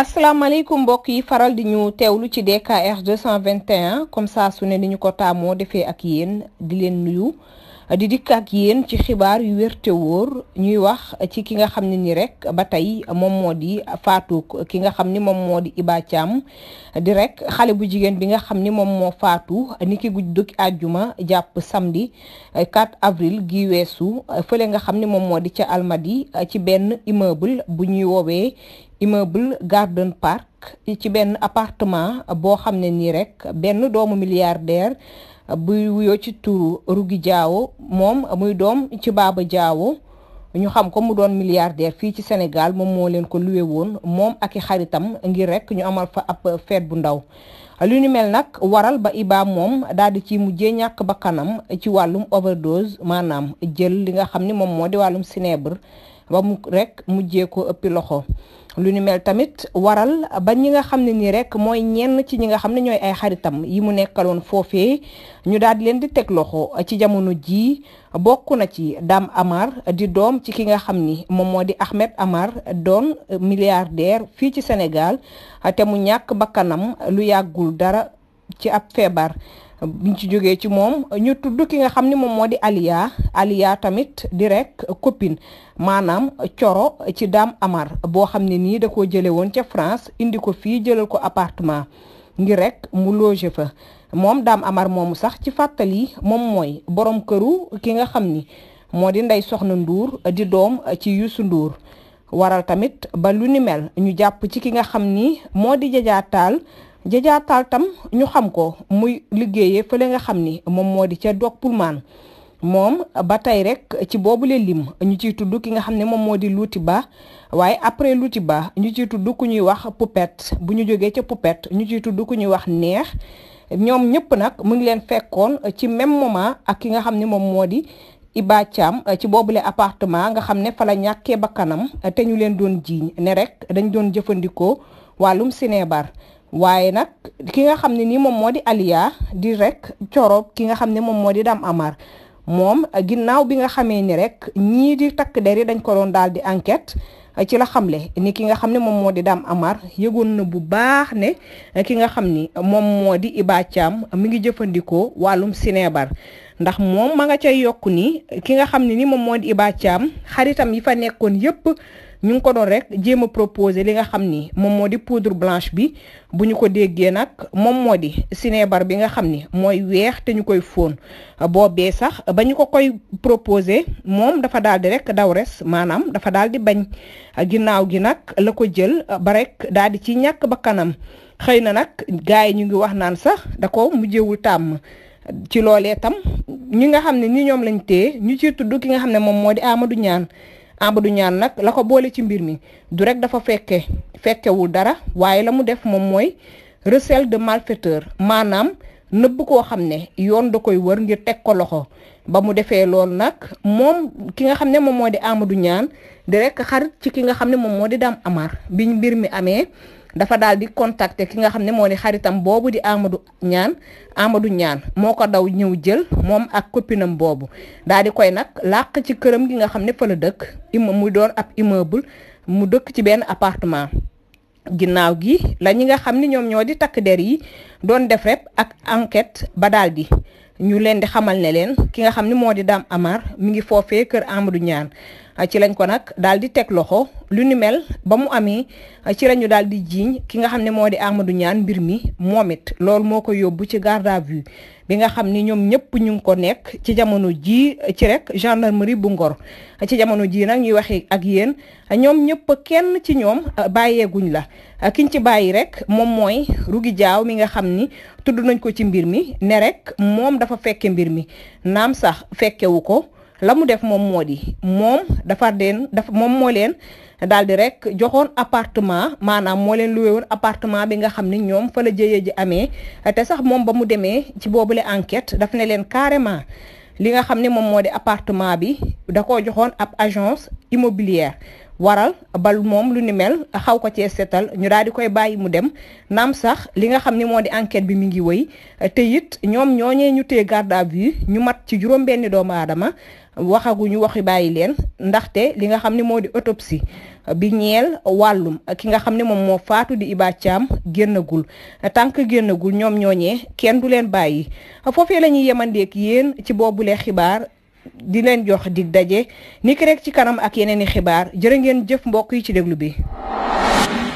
asalaamaaleykum mbokk yi faral di ñu teewlu ci DKR 221 comme ça su ne ni ko taamoo defee ak yéen di leen nuyu. di dikk ak yéen ci xibaar yu wér te ñuy wax ci ki nga xam ne ni rek ba tey moom moo di faatu ki nga xam ni moom moo di Iba Thiam di rek xale bu jigéen bi nga xam ni moom moo faatu ni ki guddug àjjuma jàpp samedi 4 avril gi weesu fële nga xam ni moom moo di ca Almadi ci benn immeuble bu ñuy woowee immeuble Garden Park ci benn appartement boo xam ne nii rek benn doomu milliardaire buy wuyoo ci turu Rougui jaawo moom muy doom ci baaba jaawo ñu xam ko mu doon milliardaire fii ci Sénégal moom moo leen ko luwe woon moom ak i xaritam ngir rek ñu amal fa ab feet bu ndaw lu ni mel nag waral ba ibaam moom daal di ci mujje ñàkk ba kanam ci wàllum overdose maanaam jël li nga xam ni moom moo di wàllum sinebre ba mu rek mujjee ko ëppi loxo lu ni mel tamit waral ba ñi nga xam ne nii rek mooy ñenn ci ñi nga xam ne ñooy ay xaritam yi mu nekkaloon foofee ñu daal di leen di teg loxo ci jamono jii bokk na ci dam Amar di doom ci ki nga xam ni moom moo di Ahmed Amar doon milliardaire fii ci Sénégal te mu ñàkk bakkanam lu yàggul dara ci ab feebar biñ ci jógee ci moom ñu tudd ki nga xam ni moom moo di Aliya Aliya tamit di rek copine maanaam coro ci Dame Amar boo xam ne nii da koo jëlee woon ca France indi ko fii jëlal ko appartement ngir rek mu loger fa moom dam Amar moomu sax ci fàttali moom mooy borom këru ki nga xam ni moo di Soxna Nduur di doom ci Youssou Nduur waral tamit ba lu ni mel ñu jàpp ci ki nga xam ni moo di jajaataal Jaja Tall tam ñu xam ko muy liggéeyee la nga xam ni moom moo di ca Dock Pullman moom ba tey rek ci boobule lim ñu ciy tudd ki nga xam ne moom moo di luuti ba waaye après luuti ba ñu ciy tudd ku ñuy wax poupet bu ñu jógee ca poupet ñu ciy tudd ku ñuy wax neex ñoom ñëpp nag mu ngi leen fekkoon ci même moment ak ki nga xam ni moom moo di Iba Thiam ci boobule appartement nga xam ne fa la ñàkkee bakkanam te ñu leen doon jiiñ ne rek dañ doon jëfandikoo wàllum sineebar waaye nag ki nga xam ne ni moom moo di Aliya di rek corop ki nga xam ne moom moo di Dame Amar moom ginnaaw bi nga xamee ni rek ñii di takk der yi dañ ko daal di enquête ci la xamle ni ki nga xam ne moom moo di Dame Amar yëgoon na bu baax ne ki nga xam ni moom moo di Iba Thiam mi ngi jëfandikoo wàllum sineebar ndax moom nga cay yokku ni ki nga xam ne ni moom moo di Iba xaritam yi fa nekkoon yëpp ñu ngi ko doon rek jéem a proposé li nga xam ni moom moo di poudre blanche bi bu ñu ko déggee nag moom moo di sinébar bi nga xam ni mooy weex te ñu koy foon fóon boobee sax ba ñu ko koy proposé moom dafa daal di rek daw res maanaam dafa daal di bañ ginnaaw gi nag la ko jël ba rek daal di ci ñàkk ba kanam xëy na nag gars yi ñu ngi wax naan sax da ko mujjewul tàmm ci loolee tam ñi nga xam ne ni ñoom lañ téye ñu ciy tudd ki nga xam ne moom moo di Amadou Niane Amadou Niane nag la ko boole ci mbir mi du dafa fekke fekkewul dara waaye la mu def moom mooy recel de malfaiteur maanaam nëbb koo xam ne yoon da koy wër ngir teg ko loxo ba mu defee loolu nag moom ki nga xam ne moom moo di Amadou Niane di rek ci ki nga xam ne moom moo di Dame Amar biñ mbir mi amee dafa daal di contacter ki nga xam ne moo di xaritam boobu di Amadou ñaan Amadou ñaan moo ko daw ñëw jël moom ak copinam boobu daal di koy nag làq ci këram gi nga xam ne fa la dëkk immeuble mu doon ab immeuble mu dëkk ci benn appartement. ginnaaw gi la ñi nga xam ni ñoom ñoo di takk der yi doon def rek ak enquête ba daal ñu leen di xamal ne leen ki nga xam ni moo di Dame Amar mi ngi foofee kër Amadou Niane ah, ci lañ ko nag daal di teg loxo lu ni mel ba mu amee ah, ci la ñu daal di jiiñ ki nga xam ne moo di Amadou mbir mi moom it loolu moo ko yóbbu ci garde à vue bi nga xam ni ñoom ñëpp ñu ngi ko nekk ci jamono jii ci rek gendarmerie bu Ngor ci jamono jii nag ñuy waxee ak yéen ñoom ñëpp kenn ci ñoom ah, bàyyeeguñ la ah, kiñ ci bàyyi rek moom mooy Rougui Diaw mi nga xam ni tudd nañ ko ci mbir mi ne rek moom dafa fekke mbir mi naam sax fekkewu ko. la mu def moom moo di moom dafa leen daf moom moo leen daal di rek joxoon appartement maanaam moo leen luwee woon appartement bi nga xam ni ñoom fa la jëyee ji amee te sax moom ba mu demee ci boobule enquête daf ne leen carrément li nga xam ne moom moo di appartement bi da koo joxoon ab agence immobilière. waral ba moom lu ni mel xaw ko cee seetal ñu daal di koy bàyyi mu dem naam sax li nga xam ni moo di enquête bi mi ngi woy te it ñoom ñooñee ñu téye garde à ñu mat ci juróom-benni doomu aadama waxaguñu waxi bàyyi leen ndaxte li nga xam ni moo di autopsie bi ñeel wàllum ki nga xam ne moom moo faatu di Iba Thiam génnagul tant que génnagul ñoom ñooñee kenn du leen bàyyi foofee la ñuy yemandeek yéen ci boobule xibaar di leen jox dig daje ni ki rek ci kanam ak yeneen i xibaar jërë ngeen jëf mbokk yi ci déglu bi.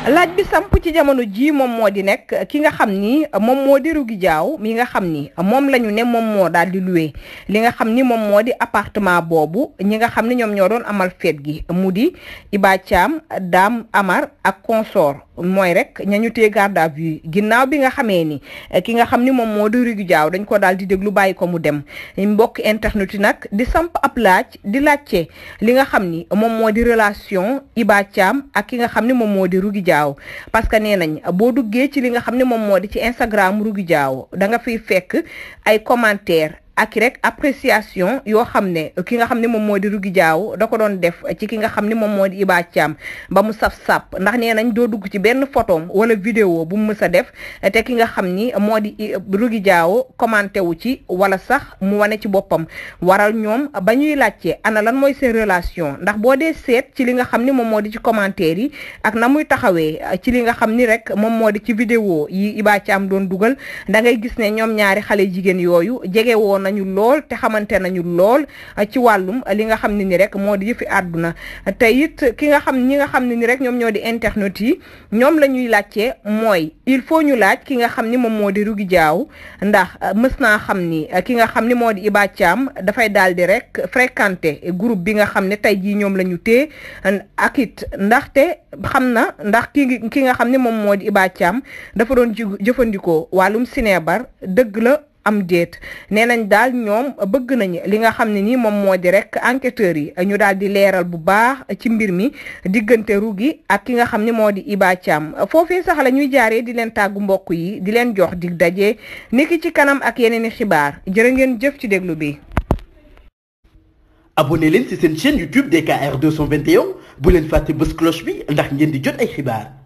laaj bi samp ci jamono ji moom moo di nekk ki nga xam ni moom moo di Rougui Diaw mi nga xam ni moom lañu ne moom moo daal di loué li nga xam ni moom moo di appartement boobu ñi nga xam ni ñoom ñoo doon amal feet gi mu di Iba Thiam Dame Amar ak consort mooy rek ñañu téye garde à vue ginnaaw bi nga xamee ni eh, ki nga xam ni moom moo di Rougui jaaw dañ ko daal di déglu bàyyi ko mu dem mbokk internet yi nag di samp ab laaj di laajte li nga xam ni moom moo di relation Iba Thiam ak ki nga xam ni moom moo di Rougui jaaw parce que nee nañ boo duggee ci li nga xam ni moom moo di ci Instagram Rougui Diaw da nga fiy fekk ay commentaire ak rek appréciation yoo xam ne ki nga xam ne moom moo di Rougui Diaw da ko doon def ci ki nga xam ne moom moo di Iba ba mu saf sap ndax nee nañ doo dugg ci benn photom wala vidéo bu mu mës a def te ki nga xam ni moo di Rougui Diaw commenté wu ci wala sax mu wane ci boppam waral ñoom ba ñuy laajte ana lan mooy seen relation ndax boo dee seet ci li nga xam ni moom moo di ci commentaire yi ak na muy taxawee ci li nga xam ni rek moom moo di ci vidéo yi Iba Thiam doon dugal dangay gis ne ñoom ñaari xale jigéen yooyu jege woon nañu lool te xamante nañu lool ah, ci wàllum ah, li nga xam ne ni rek moo di yëfi àdduna ah, te it ki nga xam ñi nga xam ne ni rek ñoom ñoo di internet yi ñoom la ñuy laajtee mooy il faut ñu laaj ki nga xam ni moom moo di Rougui Diaw ndax mës xam ni ki nga xam ni moo di Iba Thiam dafay daal di rek fréquenté groupe bi nga xam ne tey jii ñoom la ñu téye ak ndaxte xam na ndax ki ki nga xam ne moom moo di Iba dafa doon jëfandikoo wàllum sineebar dëgg la am déet nee nañ daal ñoom bëgg nañu li nga xam ne nii moom moo di rek enquêteurs yi ñu daal di leeral bu baax ci mbir mi diggante Rougui ak ki nga xam ne moo di Iba Thiam foofee sax la ñuy jaaree di leen tàggu mbokk yi di leen jox dig daje niki ci kanam ak yeneen i xibaar jërë ngeen jëf ci déglu bi. abonné leen ci seen chaîne YouTube DKR 221 bu leen fàtte bës cloche bi ndax ngeen di jot ay xibaar.